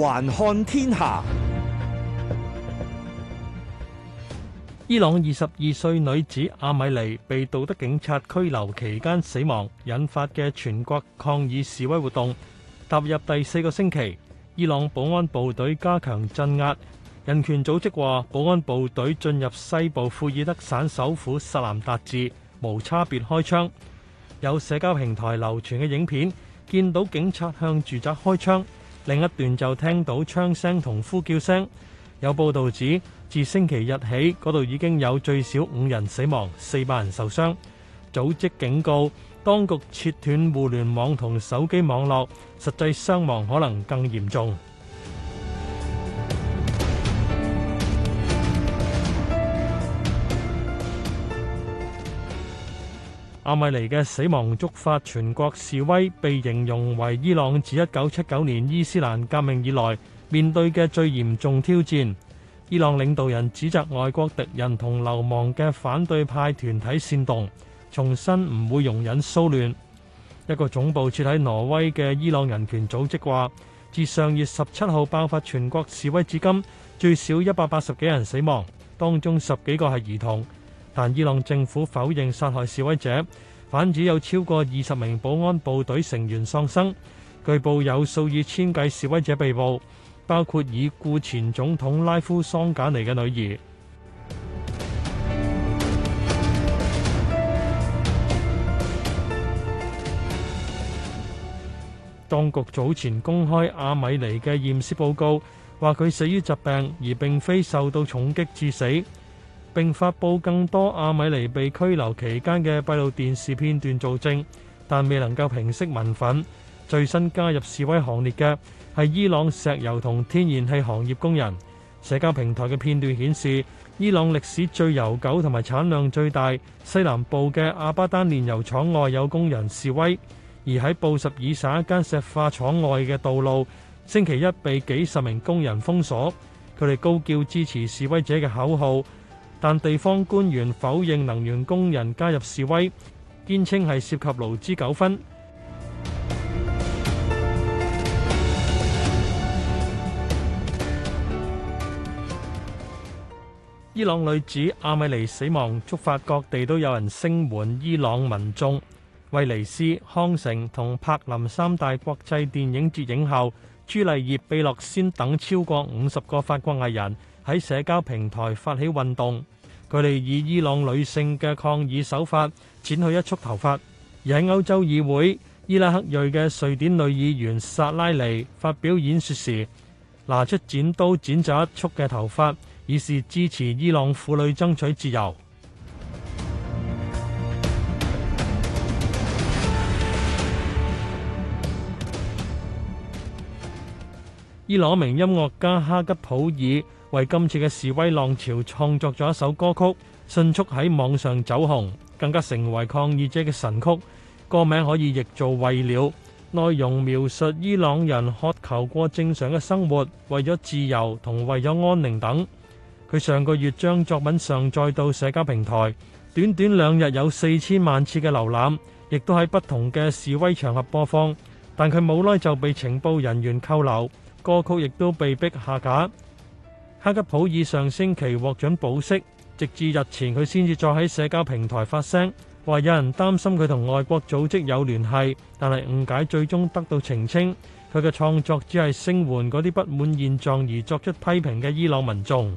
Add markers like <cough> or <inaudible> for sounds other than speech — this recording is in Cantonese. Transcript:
環看天下，伊朗二十二歲女子阿米尼被道德警察拘留期間死亡，引發嘅全國抗議示威活動踏入第四個星期。伊朗保安部隊加強鎮壓，人權組織話保安部隊進入西部庫爾德省首府薩南達治，無差別開槍。有社交平台流傳嘅影片，見到警察向住宅開槍。另一段就聽到槍聲同呼叫聲，有報道指自星期日起嗰度已經有最少五人死亡，四百人受傷。組織警告當局切斷互聯網同手機網絡，實際傷亡可能更嚴重。阿米尼嘅死亡觸發全國示威，被形容為伊朗自一九七九年伊斯蘭革命以來面對嘅最嚴重挑戰。伊朗領導人指責外國敵人同流亡嘅反對派團體煽動，重申唔會容忍騷亂。一個總部設喺挪威嘅伊朗人權組織話自上月十七號爆發全國示威至今，最少一百八十幾人死亡，當中十幾個係兒童。但伊朗政府否認殺害示威者，反指有超過二十名保安部隊成員喪生，據報有數以千計示威者被捕，包括已故前總統拉夫桑賈尼嘅女兒。 <music> 當局早前公開阿米尼嘅驗屍報告，話佢死於疾病，而並非受到重擊致死。並發布更多阿米尼被拘留期間嘅閉路電視片段做證，但未能夠平息民憤。最新加入示威行列嘅係伊朗石油同天然氣行業工人。社交平台嘅片段顯示，伊朗歷史最悠久同埋產量最大西南部嘅阿巴丹煉油廠外有工人示威，而喺布什爾省一間石化廠外嘅道路，星期一被幾十名工人封鎖，佢哋高叫支持示威者嘅口號。但地方官員否認能源工人加入示威，堅稱係涉及勞資糾紛。伊朗女子阿米尼死亡觸發各地都有人聲援伊朗民眾。威尼斯、康城同柏林三大國際電影節影后，朱麗葉·庇洛仙等超過五十個法國藝人喺社交平台發起運動，佢哋以伊朗女性嘅抗議手法剪去一束頭髮，而喺歐洲議會，伊拉克裔嘅瑞典女議員薩拉尼發表演說時，拿出剪刀剪走一束嘅頭髮，以示支持伊朗婦女爭取自由。伊朗名音樂家哈吉普爾為今次嘅示威浪潮創作咗一首歌曲，迅速喺網上走紅，更加成為抗議者嘅神曲。歌名可以譯做《為了》，內容描述伊朗人渴求過正常嘅生活，為咗自由同為咗安寧等。佢上個月將作品上載到社交平台，短短兩日有四千萬次嘅瀏覽，亦都喺不同嘅示威場合播放。但佢冇耐就被情報人員扣留。歌曲亦都被迫下架。哈吉普爾上星期獲准保釋，直至日前佢先至再喺社交平台發聲，話有人擔心佢同外國組織有聯繫，但係誤解最終得到澄清。佢嘅創作只係聲援嗰啲不滿現狀而作出批評嘅伊朗民眾。